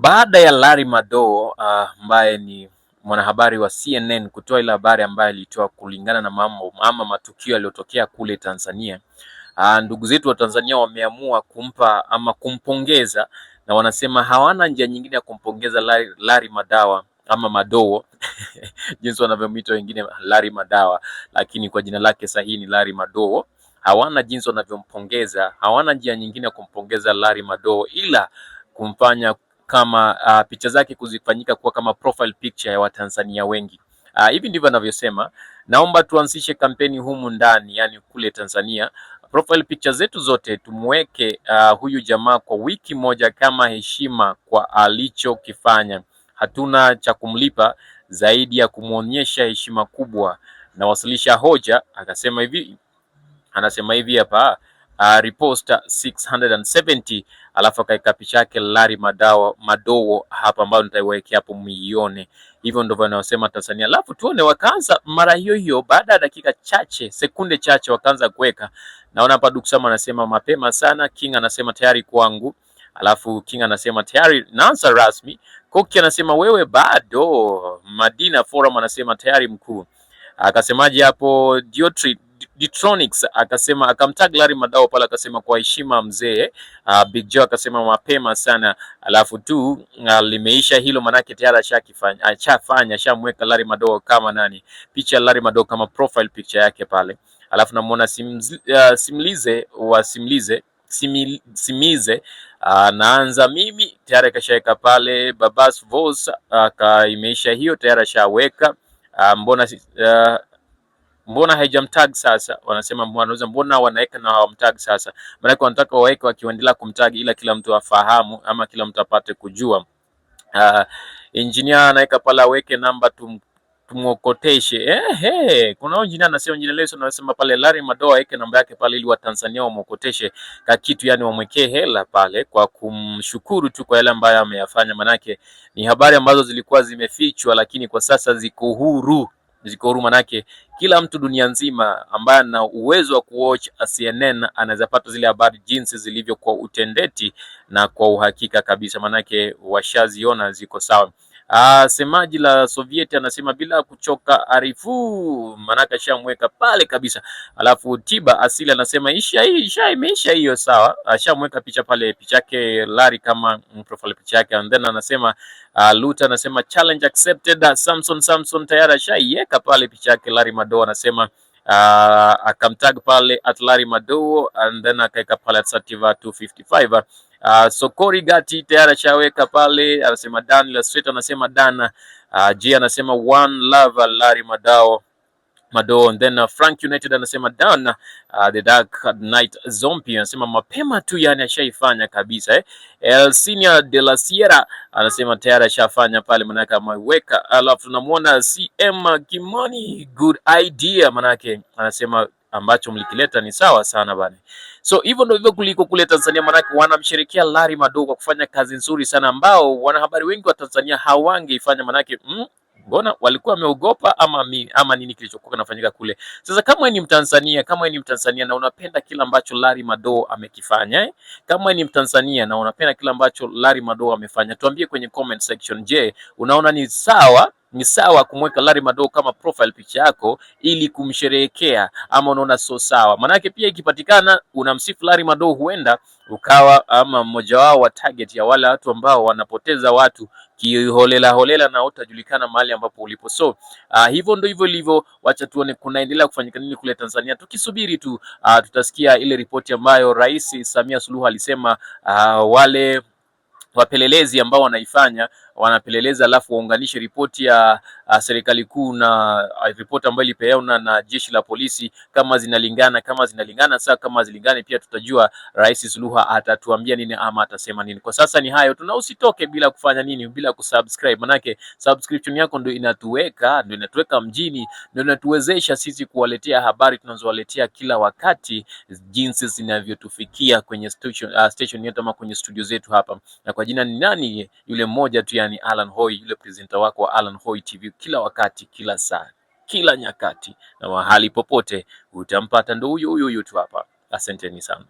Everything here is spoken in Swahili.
Baada ya Larry Madowo ah, ambaye uh, ni mwanahabari wa CNN kutoa ile habari ambayo alitoa kulingana na mambo ama matukio yaliyotokea kule Tanzania, uh, ndugu zetu wa Tanzania wameamua kumpa ama kumpongeza, na wanasema hawana njia nyingine ya kumpongeza Larry, Larry Madawa ama Madowo jinsi wanavyomwita wengine Larry Madawa, lakini kwa jina lake sahihi ni Larry Madowo. Hawana jinsi wanavyompongeza, hawana njia nyingine ya kumpongeza Larry Madowo ila kumfanya kama uh, picha zake kuzifanyika kuwa kama profile picture ya Watanzania wengi. Uh, hivi ndivyo anavyosema: naomba tuanzishe kampeni humu ndani, yani kule Tanzania, profile picture zetu zote tumweke uh, huyu jamaa kwa wiki moja kama heshima kwa alichokifanya. Hatuna cha kumlipa zaidi ya kumwonyesha heshima kubwa. Nawasilisha hoja, akasema hivi, anasema hivi hapa uh, repost 670 alafu akaweka picha yake Larry Madowo, Madowo hapa ambayo nitaiwekea hapo muione. Hivyo ndivyo wanaosema Tanzania, alafu tuone wakaanza mara hiyo hiyo, baada ya dakika chache, sekunde chache wakaanza kuweka. Naona hapa Duksama anasema mapema sana, King anasema tayari kwangu, alafu King anasema tayari naanza rasmi, Koki anasema wewe bado, Madina Forum anasema tayari mkuu, akasemaje hapo Diotri Detronics akasema akamtag Larry Madao pale, akasema kwa heshima mzee. Uh, Big Joe akasema mapema sana, alafu tu uh, limeisha hilo, manake tayari ashakifanya achafanya ashamweka Larry Madao kama nani, picha ya Larry Madao kama profile picture yake pale, alafu namuona simz, uh, simlize wa simlize simi, simize anaanza uh, mimi tayari akashaweka pale. Babas Vos uh, imeisha hiyo tayari ashaweka uh, mbona uh, mbona haijamtag sasa? Wanasema wanauza, mbona wanaweka na hawamtag sasa? Maanake wanataka waweke wakiendelea kumtag, ila kila mtu afahamu ama kila mtu apate kujua. Uh, engineer anaweka pale aweke namba tu tumwokoteshe eh, eh. Kuna injinia anasema injinia Lissu anasema pale Larry Madoa aweke namba yake pale ili Watanzania wamwokoteshe ka kitu, yani wamwekee hela pale kwa kumshukuru tu kwa yale ambayo ameyafanya, manake ni habari ambazo zilikuwa zimefichwa, lakini kwa sasa ziko huru ziko huru, manake kila mtu dunia nzima ambaye ana uwezo wa kuwatch CNN anaweza pata zile habari jinsi zilivyo kwa utendeti na kwa uhakika kabisa, manake washaziona ziko sawa. Uh, semaji la Soviet anasema bila kuchoka arifu, manaka shamweka pale kabisa. Alafu tiba asili anasema isha hii isha imeisha hiyo, sawa. Ashamweka picha pale, picha yake lari kama mm, profile picha yake, and then anasema uh, ah, Luta anasema challenge accepted. Samson Samson tayari ashaiweka pale picha yake lari Mado anasema uh, akamtag pale Atlari Maduo and then akaweka pale Atsativa 255 uh, ah, Sokori Gati tayari ashaweka pale, anasema Dan Illustrator anasema Dana uh, G anasema one love Atlari madao Mado. then uh, Frank United anasema Dan uh, the Dark Knight Zombie anasema mapema tu, yani ashaifanya kabisa eh. El Senior de la Sierra anasema tayari ashafanya pale, manake ameweka. Alafu tunamwona CM Kimoni, good idea, manake anasema ambacho mlikileta ni sawa sana bani. So hivyo ndio hivyo kuliko kule Tanzania, manake wanamsherekea Larry Mado kwa kufanya kazi nzuri sana, ambao wanahabari wengi wa Tanzania hawangeifanya, manake mm, Mbona walikuwa wameogopa ama, ama nini kilichokuwa kinafanyika kule? Sasa kama ni Mtanzania, kama ni Mtanzania na unapenda kila ambacho Larry Madowo amekifanya eh? Kama ni Mtanzania na unapenda kila ambacho Larry Madowo amefanya, tuambie kwenye comment section. Je, unaona ni sawa ni sawa kumweka Larry Madowo kama profile picha yako ili kumsherehekea, ama unaona sio sawa? Manake pia ikipatikana unamsifu Larry Madowo, huenda ukawa ama mmoja wao wa target ya wale watu ambao wanapoteza watu kiholela holela na utajulikana mahali ambapo ulipo. So uh, hivyo ndo hivyo ilivyo. Wacha tuone kunaendelea kufanyika nini kule Tanzania, tukisubiri tu uh, tutasikia ile ripoti ambayo Rais Samia Suluhu alisema uh, wale wapelelezi ambao wanaifanya wanapeleleza, alafu waunganishe ripoti ya serikali kuu na ripoti ambayo ilipeana na jeshi la polisi, kama zinalingana. Kama zinalingana Sasa kama zilingane, pia tutajua Rais Suluha atatuambia nini ama atasema nini. Kwa sasa ni hayo tuna, usitoke bila kufanya nini, bila kusubscribe, manake subscription yako ndio inatuweka ndio inatuweka mjini, ndio inatuwezesha sisi kuwaletea habari tunazowaletea kila wakati, jinsi zinavyotufikia kwenye station, uh, station yetu ama kwenye studio zetu hapa. Na kwa jina ni nani? Yule mmoja tu yani Alan Hoy, yule presenter wako wa Alan Hoy TV, kila wakati, kila saa, kila nyakati na mahali popote utampata, ndo huyo huyo tu hapa. Asanteni sana.